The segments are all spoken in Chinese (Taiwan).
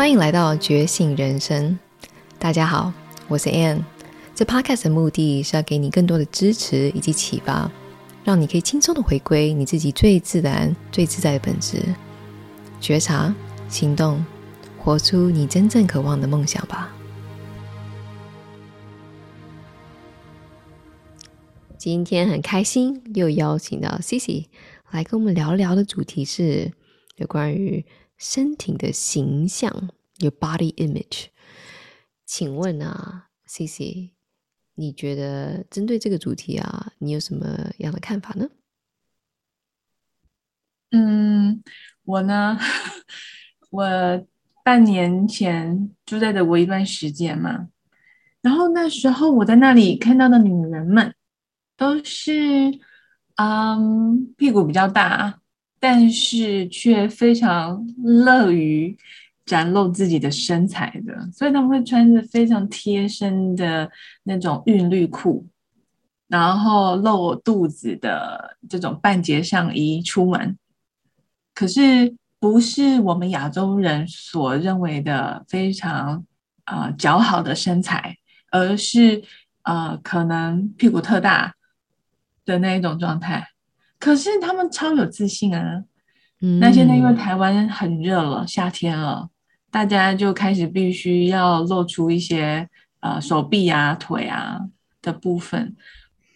歡迎來到覺醒人生，大家好，我是 Ann。這 Podcast 的目的是要給你更多的支持以及啟發，讓你可以輕鬆的回歸你自己最自然、最自在的本質，覺察、行動，活出你真正渴望的夢想吧。今天很開心，又邀請到 Cici 來跟我們聊聊的主題是有關於。身體的形象，your body image。請問啊，C C，你覺得針對這個主題啊，你有什麼樣的看法呢？嗯，我呢，我半年前住在德國一段時間嘛，然後那時候我在那裡看到的女人們都是，嗯，屁股比較大啊。但是卻非常樂於展露自己的身材的，所以他們會穿着非常貼身的那種韻律褲，然後露肚子的這種半截上衣出門。可是不是我們亞洲人所認為的非常啊姣好的身材，而是啊可能屁股特大的那一種狀態。可是他們超有自信啊！嗯，那現在因為台灣很熱了、嗯，夏天了，大家就開始必須要露出一些呃手臂啊、腿啊的部分。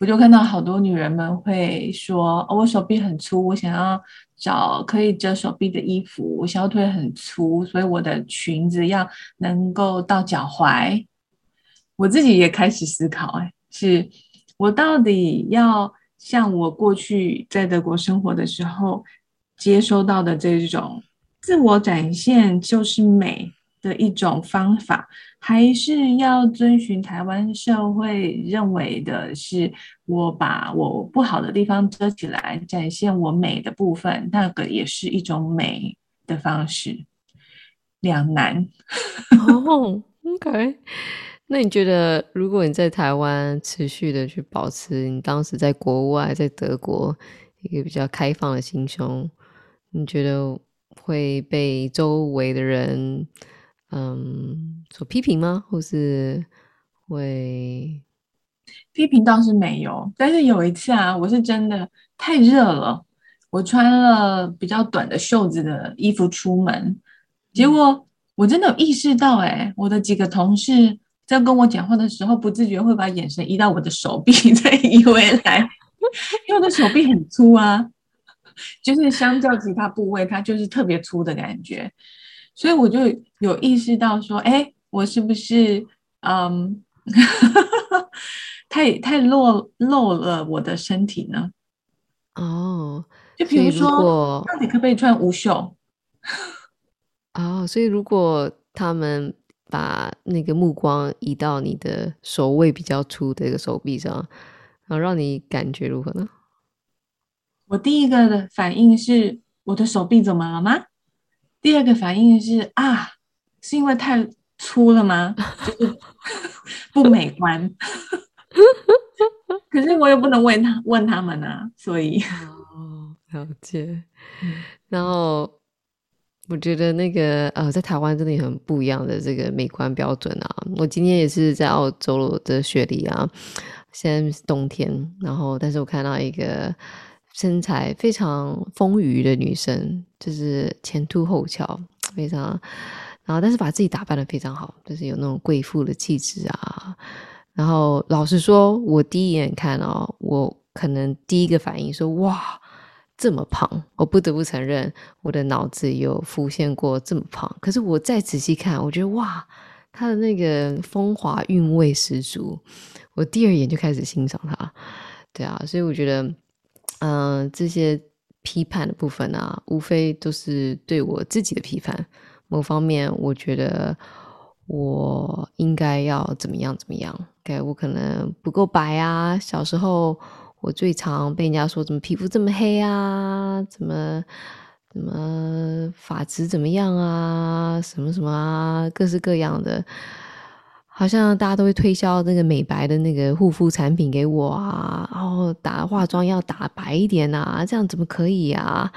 我就看到好多女人們會說、哦：“我手臂很粗，我想要找可以遮手臂的衣服；我小腿很粗，所以我的裙子要能夠到腳踝。”我自己也開始思考、欸：“哎，是我到底要？”像我過去在德國生活的時候，接收到的這種自我展現就是美的一種方法，還是要遵循台灣社會認為的是，我把我不好的地方遮起來，展現我美的部分，那個也是一種美的方式。兩難。Oh, okay. 那你覺得，如果你在台灣持續的去保持你當時在國外、在德國一個比較開放的心胸，你覺得會被周圍的人嗯所批評嗎？或是會批評倒是沒有，但是有一次啊，我是真的太熱了，我穿了比較短的袖子的衣服出門，結果我真的有意識到，欸，哎，我的幾個同事。要跟我講話的時候，不自覺會把眼神移到我的手臂，再移回來。 因為我的手臂很粗啊，就是相較其他部位，它就是特別粗的感覺。所以我就有意識到說，哎、欸，我是不是嗯， 太太露露了我的身體呢？哦、oh,，就比如說，那你可不可以穿無袖？啊、oh,，所以如果他們。把那個目光移到你的手位比較粗的一個手臂上，然後讓你感覺如何呢？我第一個的反應是：我的手臂怎麼了嗎？第二個反應是：啊，是因為太粗了嗎？ 不美觀。 可是我也不能問他問他們啊，所以哦，了解。然後。我覺得那個呃，在台灣真的很不一樣的這個美觀標準啊！我今天也是在澳洲的雪梨啊，現在是冬天，然後但是我看到一個身材非常豐腴的女生，就是前凸後翹，非常，然後但是把自己打扮得非常好，就是有那種貴婦的氣質啊。然後老實說，我第一眼看哦，我可能第一個反應說哇。這麼胖，我不得不承認我的腦子有浮現過這麼胖。可是我再仔細看，我覺得哇，他的那個風華韻味十足，我第二眼就開始欣賞他。對啊，所以我覺得，嗯、呃，這些批判的部分啊，無非都是對我自己的批判。某方面，我覺得我應該要怎麼樣怎麼樣。對，我可能不夠白啊，小時候。我最常被人家說，怎麼皮膚這麼黑啊？怎麼怎麼髮質怎麼樣啊？什麼什麼啊？各式各樣的，好像大家都會推銷那個美白的那個護膚產品給我啊，然後打化妝要打白一點吶，這樣怎麼可以呀？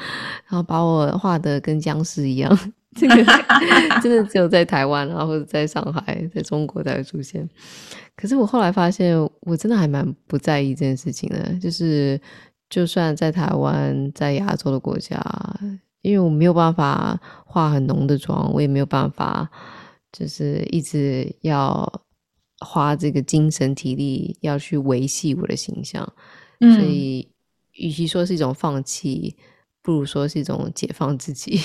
然後把我畫的跟僵屍一樣。這 個真的只有在台灣，然後或者在上海，在中國才會出現。可是我後來發現，我真的還蠻不在意這件事情的。就是，就算在台灣，在亞洲的國家，因為我沒有辦法化很濃的妝，我也沒有辦法，就是一直要花這個精神體力要去維繫我的形象。嗯，所以與其說是一種放棄，不如說是一種解放自己。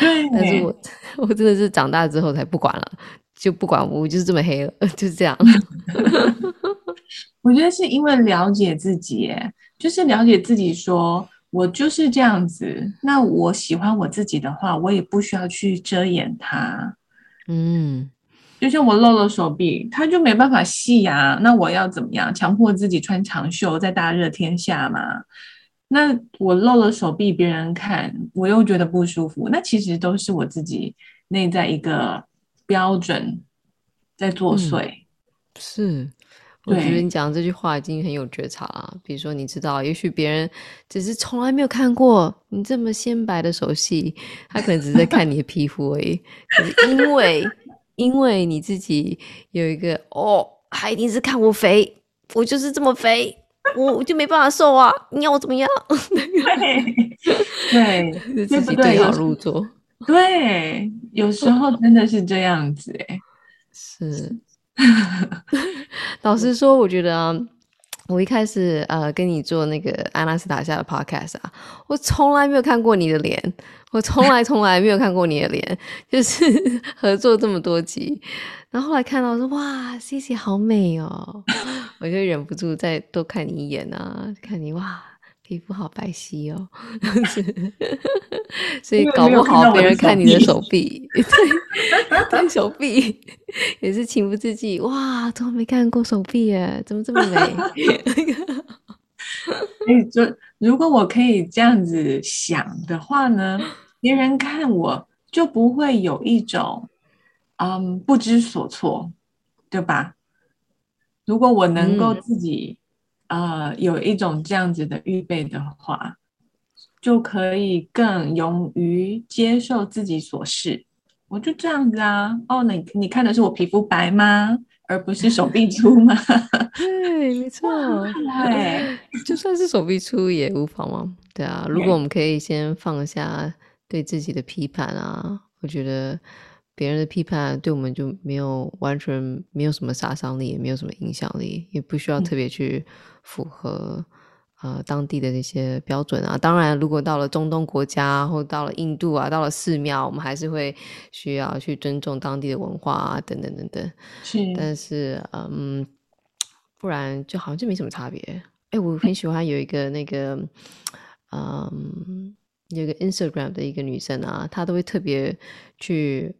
對，但是我我真的是長大之後才不管了，就不管我，我就是這麼黑了，就是這樣。 我覺得是因為了解自己，就是了解自己說，說我就是這樣子。那我喜歡我自己的話，我也不需要去遮掩它。嗯，就像我露了手臂，他就沒辦法細呀。那我要怎麼樣？強迫自己穿長袖，在大熱天下嘛。那我露了手臂，別人看我又覺得不舒服，那其實都是我自己內在一個標準在作祟。嗯、是，我覺得你講這句話已經很有覺察了。比如說，你知道，也許別人只是從來沒有看過你這麼鮮白的手細，他可能只是在看你的皮膚而已。 是因為，因為你自己有一個哦，還一定是看我肥，我就是這麼肥。我 我就沒辦法瘦啊！你要我怎麼樣？對對， 自己對號入座。對，有時候真的是這樣子哎、欸。是， 老實說，我覺得、啊。我一開始呃跟你做那個阿拉斯塔夏的 podcast 啊，我從來沒有看過你的臉，我從來從來沒有看過你的臉， 就是合作這麼多集，然後，後來看到我說哇，cc 好美哦！我就忍不住再多看你一眼啊，看你哇。皮膚好白皙哦，啊、 所以搞不好別人看你的手臂，看手臂 對， 手臂也是情不自禁。哇，怎麼沒看過手臂耶、啊？怎麼這麼美、 欸？就如果我可以這樣子想的話呢，別 人看我就不會有一種嗯不知所措，對吧？如果我能夠自己、嗯。呃，有一種這樣子的預備的話，就可以更勇於接受自己所是。我就這樣子啊。哦，你你看的是我皮膚白嗎？而不是手臂粗嗎？ 對，沒錯。哎，就算是手臂粗也無妨嘛。對啊。如果我們可以先放下對自己的批判啊，我覺得別人的批判對我們就沒有完全沒有什麼殺傷力，也沒有什麼影響力，也不需要特別去。符合啊、呃、當地的那些標準啊，當然，如果到了中東國家或到了印度啊，到了寺廟，我們還是會需要去尊重當地的文化啊，等等等等。是，但是嗯，不然就好像就沒什麼差別。哎、欸，我很喜歡有一個那個，嗯，嗯有個 Instagram 的一個女生啊，她都會特別去。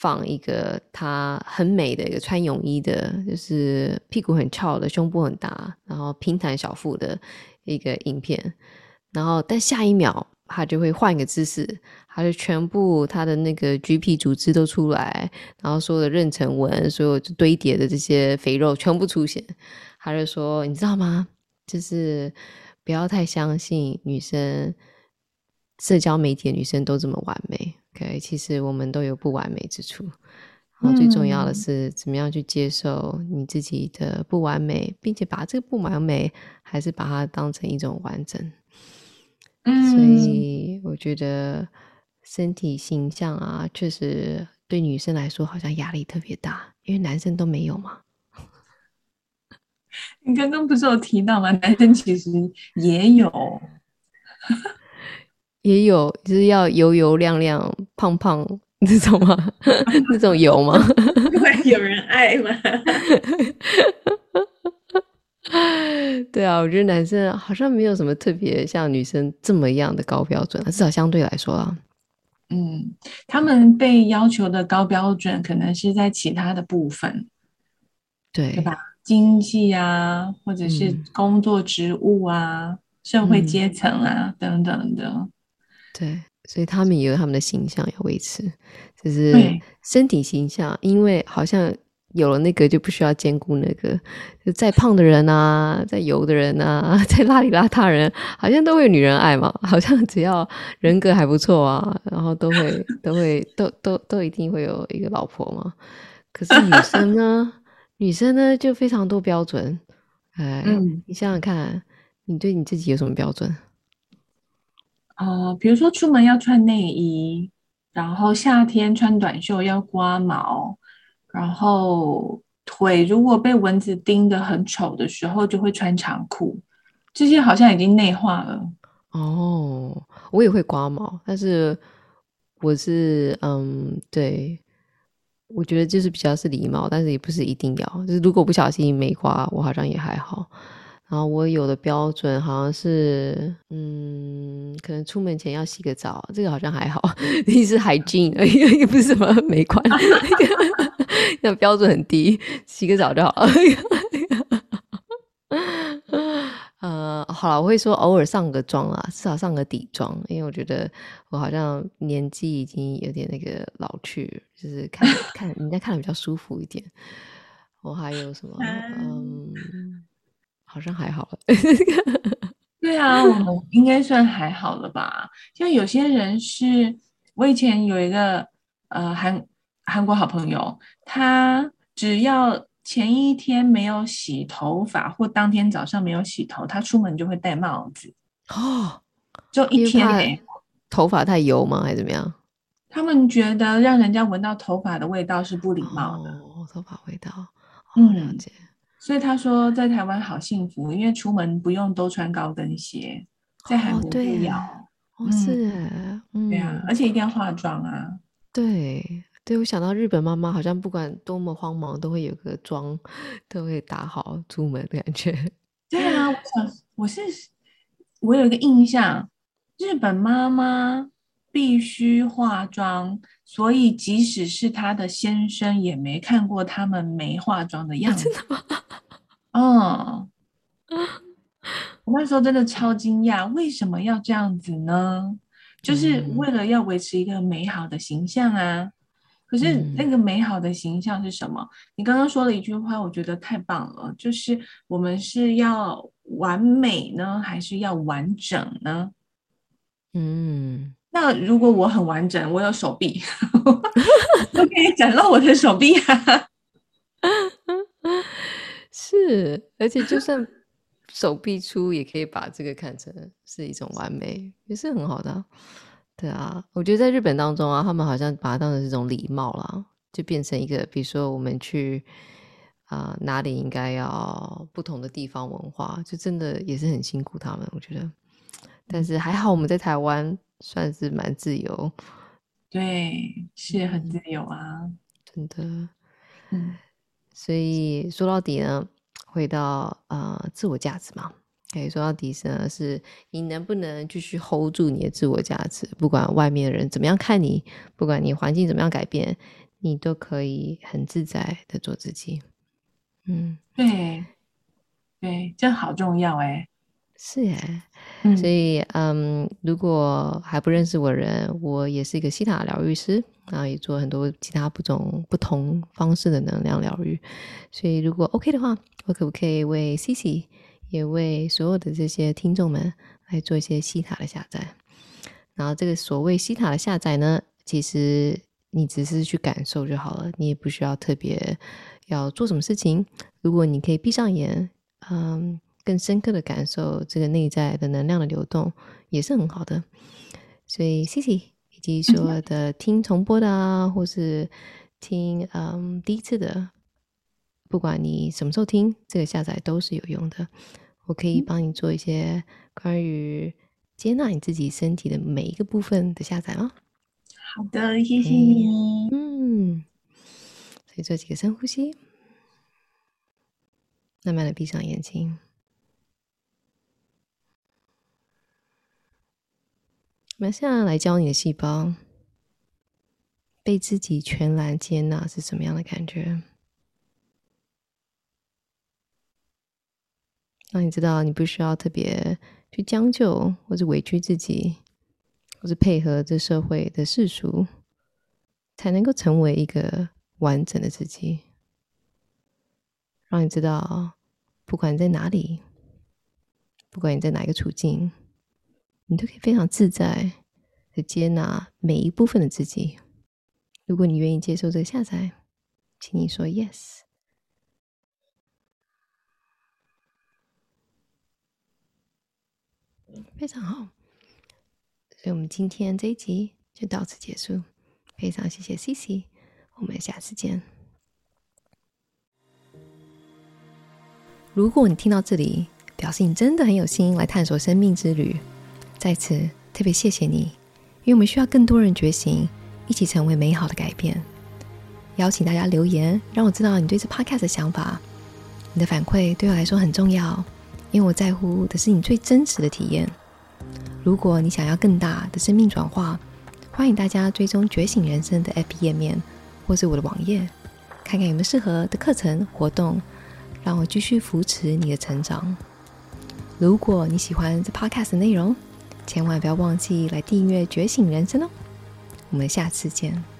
放一個她很美的一個穿泳衣的，就是屁股很翹的，胸部很大，然後平坦小腹的一個影片。然後，但下一秒她就會換一個姿勢，她就全部她的那個橘皮組織都出來，然後所有的妊娠紋，所有堆疊的這些肥肉全部出現。她就說：“你知道嗎？就是不要太相信女生，社交媒體的女生都這麼完美。”對、okay，其實我們都有不完美之處，然後最重要的是怎麼樣去接受你自己的不完美，嗯、並且把這個不完美還是把它當成一種完整。嗯，所以我覺得身體形象啊，確實對女生來說好像壓力特別大，因為男生都沒有嘛。你剛剛不是有提到嗎？ 男生其實也有。 也有，就是要油油亮亮、胖胖，那種嗎？那種油嗎？因為有人愛嘛？ 對啊，我覺得男生好像沒有什麼特別像女生這麼樣的高標準，至少相對來說啊，嗯，他們被要求的高標準可能是在其他的部分，對對吧？經濟啊，或者是工作職務啊、嗯、社會階層啊、嗯、等等的。對，所以他們也有他們的形象要維持，就是身體形象，因為好像有了那個就不需要兼顧那個，就再胖的人吶、啊，再油的人吶、啊，再邋裡邋遢人，好像都會有女人愛嘛，好像只要人格還不錯啊，然後都會都會都都都一定會有一個老婆嘛。可是女生呢， 女生呢就非常多標準，哎、嗯，你想想看，你對你自己有什麼標準？哦、呃，比如說出門要穿內衣，然後夏天穿短袖要刮毛，然後腿如果被蚊子叮得很醜的時候，就會穿長褲。這些好像已經內化了。哦，我也會刮毛，但是我是嗯，對，我覺得就是比較是禮貌，但是也不是一定要。就是如果不小心沒刮，我好像也還好。然後我有的標準好像是，嗯，可能出門前要洗個澡，這個好像還好，一定是 hygiene，也不是什麼美觀，沒 那標準很低，洗個澡就好了。 呃，好了，我會說偶爾上個妝啊，至少上個底妝，因為我覺得我好像年紀已經有點那個老去，就是看看人家看的比較舒服一點。我 還有什麼？嗯。好像還好了 對啊，我們應該算還好了吧。像有些人是，我以前有一個呃韓韓國好朋友，他只要前一天沒有洗頭髮，或當天早上沒有洗頭，他出門就會戴帽子哦。就一天哎，頭髮太油嗎，還是怎麼樣？他們覺得讓人家聞到頭髮的味道是不禮貌的，哦、頭髮味道，好好了解嗯。所以他說在台灣好幸福，因為出門不用都穿高跟鞋，在韓國要，嗯、是、嗯，對啊，而且一定要化妝啊。對，對我想到日本媽媽好像不管多麼慌忙，都會有個妝，都會打好出門的感覺。對啊，我我是我有一個印象，日本媽媽必須化妝，所以即使是她的先生也沒看過他們沒化妝的樣子，真的嗎？哦，我那時候真的超驚訝，為什麼要這樣子呢？嗯、就是為了要維持一個美好的形象啊！可是那個美好的形象是什麼？嗯、你剛剛說了一句話，我覺得太棒了，就是我們是要完美呢，還是要完整呢？嗯，那如果我很完整，我有手臂， 我都可以展露我的手臂啊。是，而且就算手臂粗，也可以把這個看成是一種完美，也 是很好的、啊。對啊，我覺得在日本當中啊，他們好像把它當成是一種禮貌啦，就變成一個，比如說我們去啊、呃、哪裡應該要不同的地方文化，就真的也是很辛苦他們。我覺得，但是還好我們在台灣算是蠻自由，對，是很自由啊，真的，嗯。所以說到底呢，回到呃自我價值嘛，可、欸、以說到底是呢？是，你能不能繼續 hold 住你的自我價值？不管外面的人怎麼樣看你，不管你環境怎麼樣改變，你都可以很自在的做自己。嗯，對，對，這樣好重要誒、欸。是耶，嗯、所以嗯，um, 如果還不認識我人，我也是一個希塔療癒師，然後也做了很多其他不同不同方式的能量療癒。所以如果 OK 的話，我可不可以為 CC 也為所有的這些聽眾們來做一些希塔的下載？然後這個所謂希塔的下載呢，其實你只是去感受就好了，你也不需要特別要做什麼事情。如果你可以閉上眼，嗯、um,。更深刻的感受這個內在的能量的流動也是很好的，所以謝謝以及所有的聽重播的啊，嗯、或是聽嗯第一次的，不管你什麼時候聽這個下載都是有用的。我可以幫你做一些關於接納你自己身體的每一個部分的下載嗎？哦？好的，謝謝你。Okay. 嗯，所以做幾個深呼吸，慢慢的閉上眼睛。那現在，來教你的細胞被自己全然接納是什麼樣的感覺？讓你知道，你不需要特別去將就，或者委屈自己，或者配合這社會的世俗，才能夠成為一個完整的自己。讓你知道，不管你在哪裡，不管你在哪一個處境。你都可以非常自在的接納每一部分的自己。如果你願意接受這個下載，請你說 yes。非常好，所以我們今天這一集就到此結束。非常謝謝 Cici，我們下次見。如果你聽到這裡，表示你真的很有心來探索生命之旅。在此特別謝謝你，因為我們需要更多人覺醒，一起成為美好的改變。邀請大家留言，讓我知道你對這 podcast 的想法。你的反饋對我來說很重要，因為我在乎的是你最真實的體驗。如果你想要更大的生命轉化，歡迎大家追蹤“覺醒人生”的 app 頁面，或是我的網頁，看看有沒有適合的課程活動，讓我繼續扶持你的成長。如果你喜歡這 podcast 的內容，千萬不要忘記來訂閱《覺醒人生》哦，我們下次見。